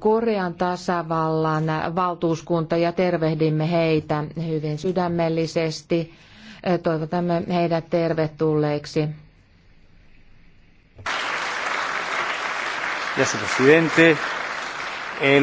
Korean tasavallan valtuuskunta ja tervehdimme heitä hyvin sydämellisesti. Toivotamme heidät tervetulleiksi. Gracias, presidente.